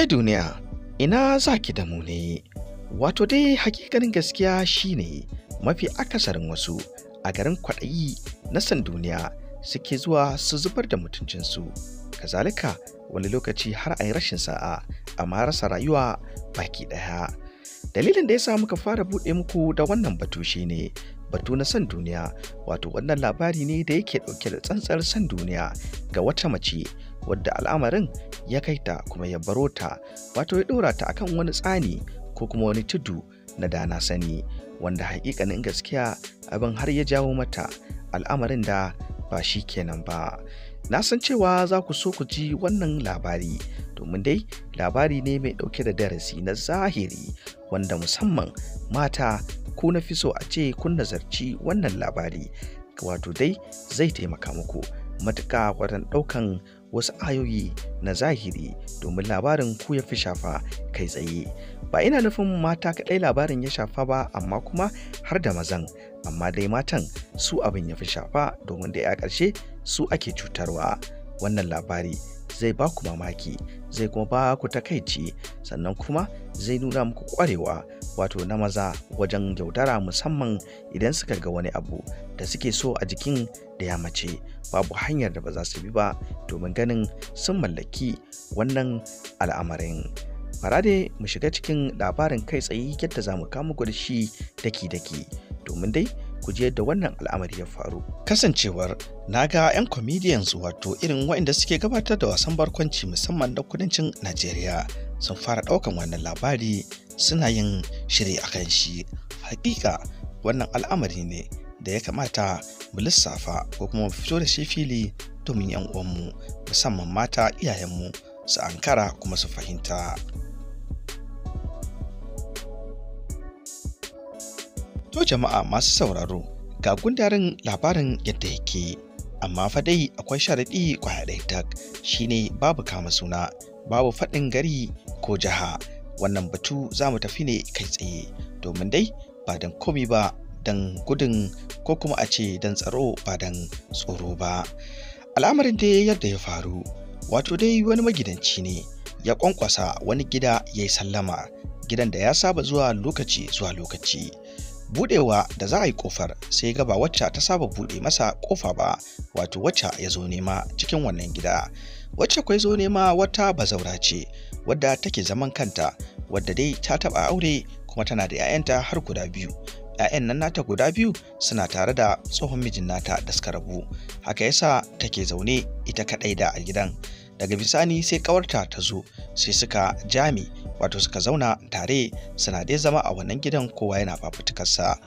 Ke duniya, ina za ki da mu ne? Wato dai hakikanin gaskiya shine mafi akasarin wasu a garin kwaɗayi na san duniya suke zuwa su zubar da mutuncinsu. Kazalika wani lokaci har a yi rashin sa'a amma rasa rayuwa baki ɗaya. Dalilin da ya sa muka fara buɗe muku da wannan batu shine batu na san duniya wato wannan labari ne da yake ɗauke da tsantsar san duniya ga wata mace wadda al'amarin ya kai ta kuma ya baro ta wato ya ɗorata ta akan wani tsani ko kuma wani tudu na dana sani wanda haƙiƙanin gaskiya abin har ya jawo mata al'amarin da ba shi kenan ba na san cewa za ku so ku ji wannan labari domin dai labari ne mai ɗauke da darasi na zahiri wanda musamman mata ku na fi so a ce kun nazarci wannan labari wato dai zai taimaka muku matuka wajen ɗaukan wasu ayoyi na zahiri domin labarin ku ya fi shafa kai tsaye ba ina nufin mata kaɗai labarin ya shafa ba amma kuma har da mazan amma dai matan su abin ya fi shafa domin da ya ƙarshe su ake cutarwa wannan labari zai ba ku mamaki zai kuma ba ku takaici sannan kuma zai nuna muku kwarewa wato na maza wajen yaudara musamman idan suka ga wani abu da suke so a jikin da ya mace babu hanyar da ba za su bi ba domin ganin sun mallaki wannan al'amarin farade mu shiga cikin labarin kai tsaye yadda za mu kama da shi daki-daki domin dai ku je da wannan al'amari ya faru kasancewar na ga 'yan comedians wato irin waɗanda suke gabatar da wasan barkwanci musamman na kudancin najeriya sun fara ɗaukan wannan labari suna yin shiri a kan shi hakika wannan al'amari ne da ya kamata mu lissafa ko kuma mu fito da shi fili domin 'yan uwanmu musamman mata iyayenmu su ankara kuma su fahimta To jama'a masu sauraro, ga gundarin labarin yadda yake, amma fa dai akwai sharaɗi kwaya ɗaya tak shine babu kama suna, babu faɗin gari ko jiha. Wannan batu za mu tafi ne kai tsaye, domin dai ba don komi ba don gudun ko kuma a ce don tsaro ba don tsoro ba. Al'amarin dai yadda ya faru, wato dai wani magidanci ne ya ƙwanƙwasa wani gida ya yi sallama, gidan da ya saba zuwa lokaci zuwa lokaci. budewa da za a yi kofar sai gaba wacce ta saba bude masa kofa ba wato wacce ya zo nema cikin wannan gida wacce kwai zo nema wata bazaura ce wadda take zaman kanta wadda dai ta taba aure kuma tana da 'ya'yanta har guda biyu 'ya'yan nan nata guda biyu suna tare da tsohon mijin nata da suka rabu haka yasa take zaune ita kadai da a gidan daga bisani sai kawarta ta zo sai suka jami wato suka zauna tare suna dai zama a wannan gidan kowa yana fafutukarsa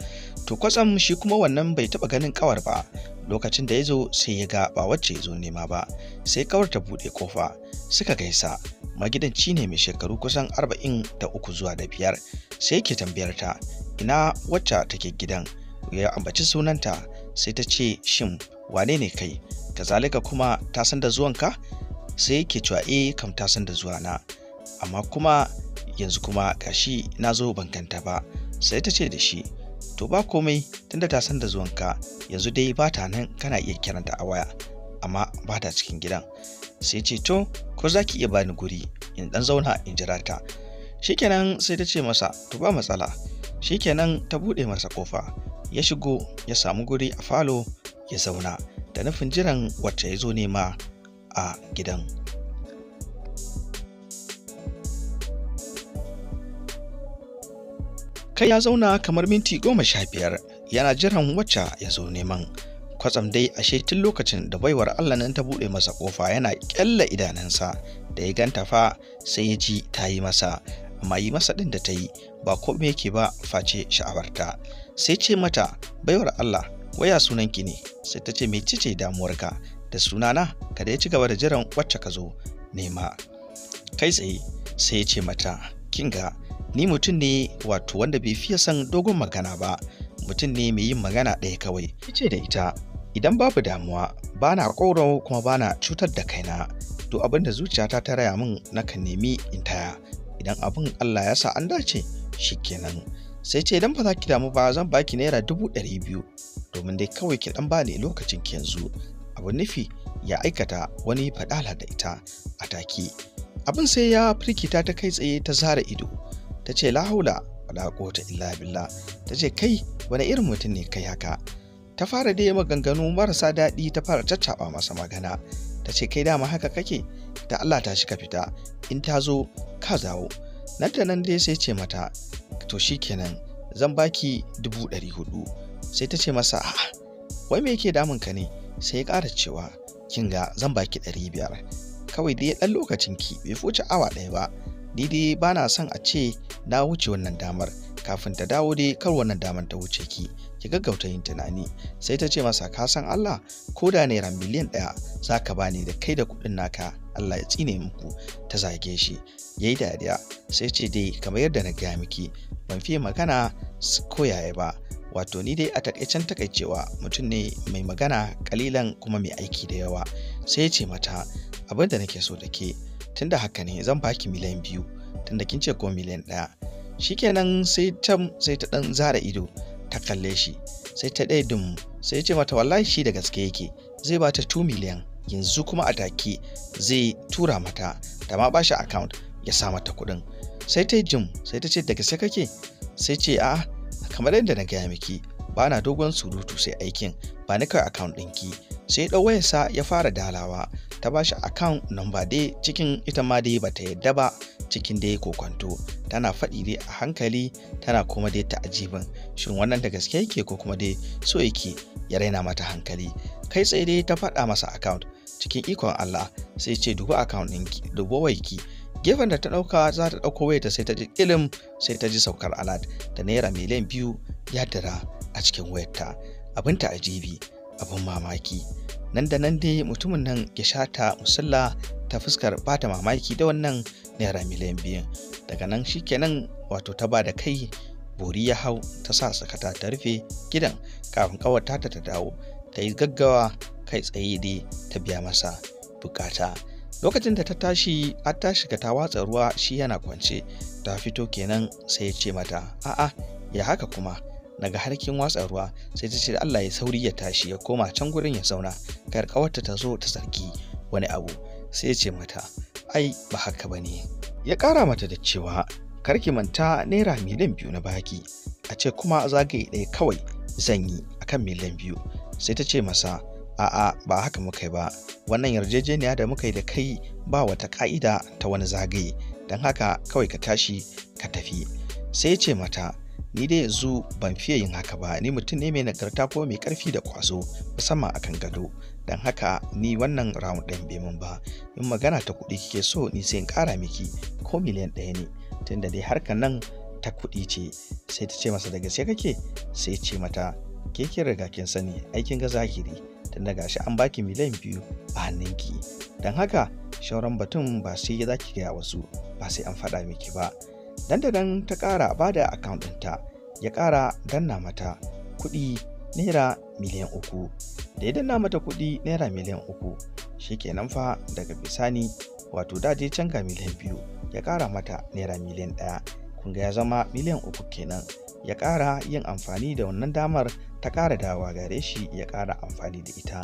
to kwatsam shi kuma wannan bai taba ganin kawar ba lokacin da ya zo sai ya ga ba wacce ya zo nema ba sai kawar ta buɗe kofa suka gaisa magidanci ne mai shekaru kusan arba'in da uku zuwa da biyar sai yake tambayar ta ina wacce take gidan ya ambaci sunanta sai ta ce shin wane ne kai kazalika kuma ta san da zuwanka sai yake cewa e kam ta san da zuwa na amma kuma yanzu kuma gashi na zo ban kanta ba sai ta ce da shi to ba komai tunda ta san da zuwanka yanzu dai ba ta nan kana iya kiranta a waya amma ba ta cikin gidan sai ce to ko zaki iya bani guri in dan zauna in jira ta shikenan sai ta ce masa to ba matsala shikenan ta bude masa kofa ya shigo ya samu guri a falo ya zauna da nufin jiran wacce ya zo nema a gidan kai ya zauna kamar minti goma sha biyar yana jiran wacce ya zo neman kwatsam dai ashe tun lokacin da baiwar allah nan ta buɗe masa ƙofa yana ƙyalla idanunsa da ya ganta fa sai ya ji ta yi masa amma yi masa ɗin da ta yi ba komai yake ba face sha'awarta sai ce mata baiwar allah waya sunanki ne sai ta ce mecece damuwarka da sunana kada ya ci gaba da jiran wacce ka zo nema kai tsaye sai ya ce mata kinga ni mutum ne wato wanda bai fiye son dogon magana ba mutum ne mai yin magana ɗaya kawai ce da ita idan babu damuwa bana ƙoro kuma bana cutar da kaina to abin da zuciyata ta raya min nakan nemi in taya idan abin Allah ya sa an dace shi kenan. sai ce idan ba za ki damu ba zan baki naira dubu ɗari biyu domin dai kawai ki ɗan bani lokacin ki yanzu Abu nufi ya aikata wani fadala da ita a take abin sai ya firkita ta kai tsaye ta zara ido ta ce lahaula wala quwwata illa billah ta ce kai wani irin mutum ne kai haka ta fara dai maganganu marasa daɗi ta fara caccaba masa magana ta ce kai dama haka kake da Allah ta shi ka fita in ta zo ka zawo nan da nan dai sai ce mata to shikenan zan baki dubu ɗari hudu sai ta ce masa a'a wai me yake damun ka ne sai ya ƙara cewa kin ga zan baki ɗari biyar kawai dai ɗan lokacin ki bai fuce awa ɗaya ba ni dai ba na son a ce na wuce wannan damar kafin ta dawo dai kar wannan damar ta wuce ki ki gaggauta yin tunani sai ta ce masa ka san Allah ko da naira miliyan ɗaya za ka bani da kai da kuɗin naka Allah ya tsine muku ta zage shi ya yi dariya sai ce dai kamar yadda na gaya miki ban fiye magana ko yaya ba wato ni dai a takaicen takaicewa mutum ne mai magana kalilan kuma mai aiki da yawa sai ya ce mata abin da nake so da ke tunda haka ne zan baki miliyan biyu tunda kin ce ko miliyan ɗaya shikenan sai ta sai ta dan zara ido ta kalle shi sai ta ɗaya dum sai ya ce mata wallahi shi da gaske yake zai bata 2 miliyan yanzu kuma a take zai tura mata da ma bashi account ya sa mata kuɗin sai ta jim sai ta ce daga sai kake sai ce a kamar yadda na gaya miki ba na dogon surutu sai aikin ba ni kawai account ɗinki sai ɗau wayarsa ya fara dalawa ta ba shi account number dai cikin ita ma dai ta yadda ba cikin dai kokwanto tana faɗi dai a hankali tana kuma dai ta ajibin shin wannan da gaske yake ko kuma dai so yake ya raina mata hankali kai tsaye dai ta faɗa masa account cikin ikon Allah sai ce dubu account ɗinki dubu waiki gefen da ta ɗauka za ta ɗauko wayarta sai ta ji ilim sai ta ji saukar alat da naira miliyan biyu ya dara a cikin wayarta abinta a jibi abin mamaki nan da nan dai mutumin nan ya shata musalla ta fuskar bata mamaki da wannan naira miliyan biyu. daga nan shikenan wato ta ba da kai bori ya hau ta sa sakata ta rufe gidan kafin kawata ta dawo ta yi gaggawa kai tsaye dai ta biya masa bukata lokacin da ta tashi a ta shiga ta watsa ruwa shi yana kwance ta fito kenan sai ya ce mata a'a ya haka kuma daga harkin watsa ruwa sai ta ce da Allah ya sauri ya tashi ya koma can gurin ya zauna kar kawarta ta zo ta sarki wani abu sai ya ce mata ai ba haka ba ne?' ya kara mata da cewa kar ki manta naira miliyan biyu na baki a ce kuma zagaye ɗaya kawai zan yi akan miliyan biyu sai ta ce masa a'a ba haka muka yi ba wannan yarjejeniya da muka yi da kai ba wata ka'ida ta wani zagaye don haka kawai ka tashi ka tafi sai ya ce mata ni dai yanzu ban fiye yin haka ba ni mutum ne mai nagarta ko mai karfi da kwazo musamman akan gado don haka ni wannan round ɗin bai min ba in magana ta kuɗi kike so ni sai in ƙara miki ko miliyan ɗaya ne tunda dai harka nan ta kuɗi ce sai ta ce masa da gaske kake sai ce mata ke riga kin sani aikin ga zahiri tunda gashi an baki miliyan biyu a hannunki don haka shauran batun ba sai za ki gaya wasu ba sai an faɗa miki ba dandanan ta ƙara ba da akawun ya ƙara danna mata kuɗi naira miliyan uku da ya danna mata kuɗi naira miliyan uku shi shikenan fa daga bisani wato daje canga miliyan biyu ya ƙara mata naira miliyan ɗaya kunga ya zama miliyan uku kenan ya ƙara yin amfani da wannan damar ta ƙara dawa gare shi ya ƙara amfani da ita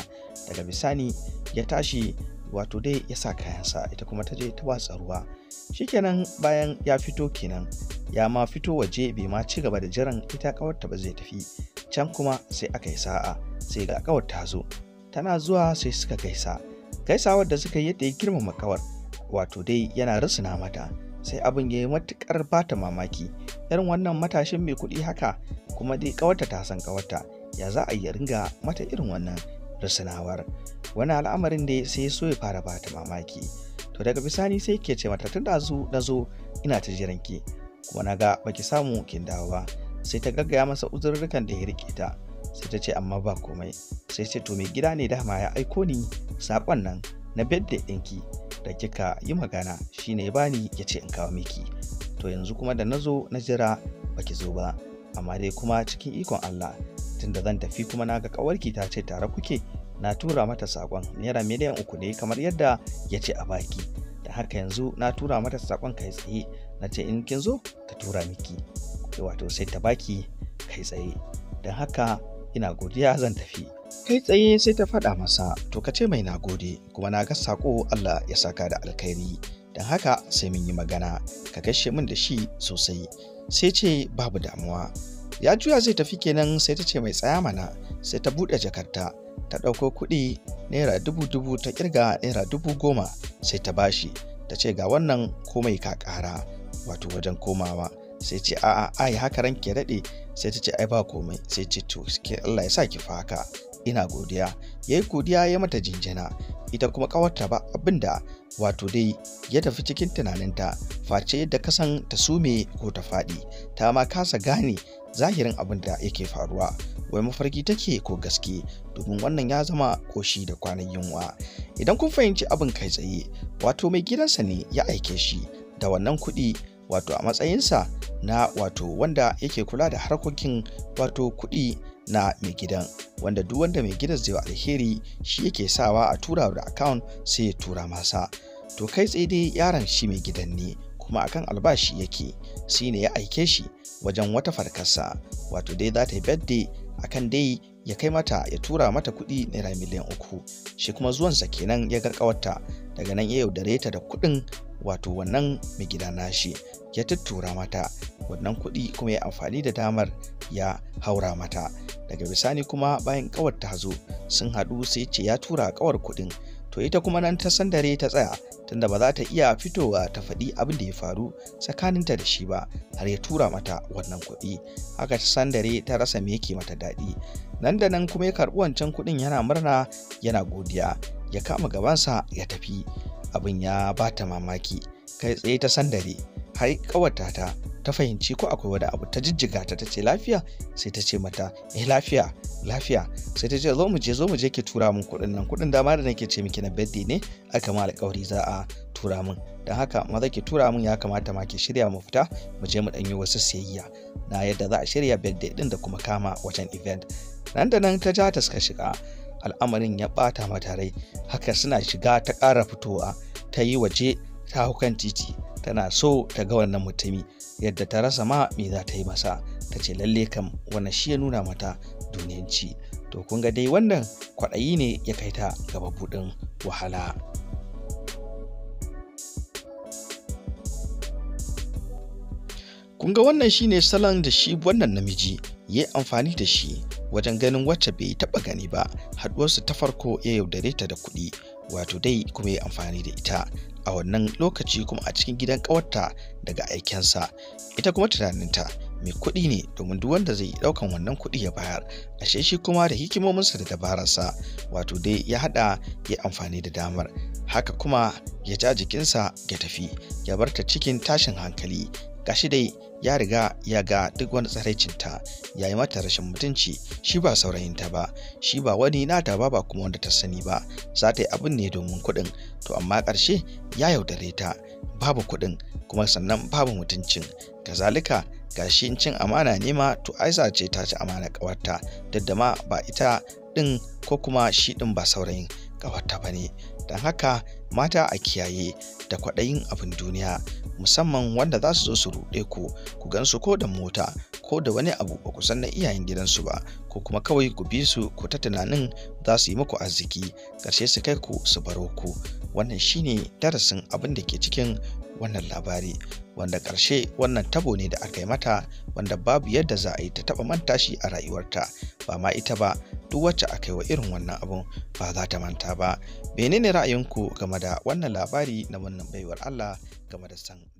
daga bisani ya tashi wato dai ya sa kayansa ita kuma ta je ta watsa ruwa shikenan bayan ya fito kenan ya ma fito waje bai ma ci gaba da jiran ita kawarta ba zai tafi can kuma sai aka yi sa'a sai ga kawar ta zo tana zuwa sai suka gaisa gaisawar da suka yi yadda ya girmama kawar wato dai yana rusuna mata sai abin ya yi matukar bata mamaki irin wannan matashin mai kuɗi haka kuma dai kawarta ta san kawarta ya za a yi ringa mata irin wannan risinawar wani al'amarin da sai so ya fara bata mamaki to daga bisani sai ke ce mata tun da na zo ina ta jiran ki kuma na ga baki samu kin dawo ba sai ta gaggaya masa uzurrukan da ya rike ta sai ta ce amma ba komai sai ce to mai gida ne dama ya aiko ni saƙon nan na bedde ɗinki da kika yi magana shine ya bani ya ce in kawo miki to yanzu kuma da nazo na jira baki zo ba amma dai kuma cikin ikon Allah tunda zan tafi kuma na ga kawarki ta ce tare kuke na tura mata sakon naira miliyan uku ne kamar yadda ya ce a baki da haka yanzu na tura mata sakon kai tsaye na ce in kin zo ta tura miki wato sai ta baki kai tsaye don haka ina godiya zan tafi kai tsaye sai ta faɗa masa to ka ce mai na gode kuma na ga sako Allah ya saka da alkhairi don haka sai mun yi magana ka gaishe min da shi sosai sai ce babu damuwa ya juya zai tafi kenan sai ta ce mai tsaya mana sai ta buɗe jakarta ta ɗauko kuɗi naira dubu dubu ta ƙirga naira dubu goma sai ta bashi ta ce ga wannan komai ka ƙara wato wajen komawa sai ce a'a ai haka ran ya daɗe sai ta ce ai ba komai sai ce to ke Allah ya sa ki fa haka ina godiya yayi godiya ya mata jinjina ita kuma kawarta ba abinda wato dai ya tafi cikin tunaninta face yadda kasan ta sume ko ta faɗi ta ma kasa gane zahirin abinda da yake faruwa wai mafarki take ko gaske domin wannan ya zama koshi da kwanan yunwa idan kun fahimci abin kai tsaye wato mai gidansa ne ya aike shi da wannan kuɗi wato a matsayinsa na wato wanda yake kula da harkokin wato kuɗi na mai gidan wanda duk wanda mai gidan zai alheri shi yake sawa a tura da account sai ya tura masa to kai tsaye dai yaron shi mai gidan ne kuma akan albashi yake shi ne ya aike shi wajen wata farkarsa wato dai za ta yi birthday akan dai ya kai mata ya tura mata kuɗi naira miliyan uku shi kuma zuwansa kenan ya ga kawarta daga nan ya yaudare ta da kuɗin wato wannan mai gida nashi ya tattura mata wannan kuɗi kuma ya amfani da damar ya haura mata daga bisani kuma bayan kawar ta zo sun haɗu sai ce ya tura kawar kuɗin to ita kuma nan ta sandare ta tsaya tunda ba za ta iya fitowa ta faɗi abin da ya faru tsakaninta da shi ba har ya tura mata wannan kuɗi haka ta sandare ta rasa me yake mata daɗi nan da nan kuma ya karɓi wancan kuɗin yana murna yana godiya ya kama gabansa ya tafi abin ya ba ta mamaki kai tsaye ta sandare har kawata ta ta fahimci ko akwai wani abu ta jijjiga ta ce lafiya sai ta ce mata eh lafiya lafiya sai ta ce zo mu je zo mu je ki tura min kuɗin nan kuɗin dama da nake ce miki na birthday ne aka ma alƙawari za a tura mun? don haka maza ki tura mun ya kamata ma ki shirya mu fita mu je mu ɗanyi wasu siyayya na yadda za a shirya birthday ɗin da kuma kama wajen event nan da nan ta ja ta suka shiga al'amarin ya ɓata mata rai haka suna shiga ta ƙara fitowa ta yi waje ta hukan titi tana so ta ga wannan mutumi yadda ta rasa ma me za ta yi masa ta ce lalle kam wani shi ya nuna mata duniyanci to kun ga dai wannan kwaɗayi ne ya kai ta gaba buɗin wahala kun ga wannan shine salon da shi wannan namiji ya amfani da shi wajen ganin wacce bai taɓa gani ba haɗuwarsu ta farko ya yaudare ta da kuɗi wato dai kuma ya amfani da ita a wannan lokaci kuma a cikin gidan ƙawarta daga aikensa ita kuma tunaninta mai kuɗi ne domin duk wanda zai ɗaukan wannan kuɗi ya bayar ashe shi kuma da hikimominsa da dabararsa wato dai ya haɗa ya amfani da damar haka kuma ya ja jikinsa ya tafi ya bar ta cikin tashin hankali gashi dai ya riga ya ga duk wani tsaraicinta ya yi mata rashin mutunci shi ba saurayinta ba shi ba wani nata ba ba kuma wanda ta sani ba za ta yi abin ne domin kuɗin to amma ƙarshe ya yaudare ta babu kuɗin kuma sannan babu mutuncin kazalika gashi cin amana ne ma to za ce ta ci amana ƙawarta duk da ma ba ita ɗin ko kuma shi ɗin ba saurayin ƙawarta bane ne don haka mata a kiyaye da kwaɗayin abin duniya musamman wanda za su zo su ruɗe ku ku gansu ko da mota ko da wani abu ba ku san na iyayen gidansu ba ko kuma kawai ku bi su ku ta tunanin za su yi muku arziki ƙarshe su kai ku su baro ku wannan shine darasin abin da ke cikin wannan labari wanda karshe wannan tabo ne da aka yi mata wanda babu yadda za a yi ta taɓa manta shi a rayuwarta ba ma ita ba duk wacce aka yi wa irin wannan abun ba za ta manta ba menene ra'ayinku game da wannan labari na wannan baiwar Allah game da san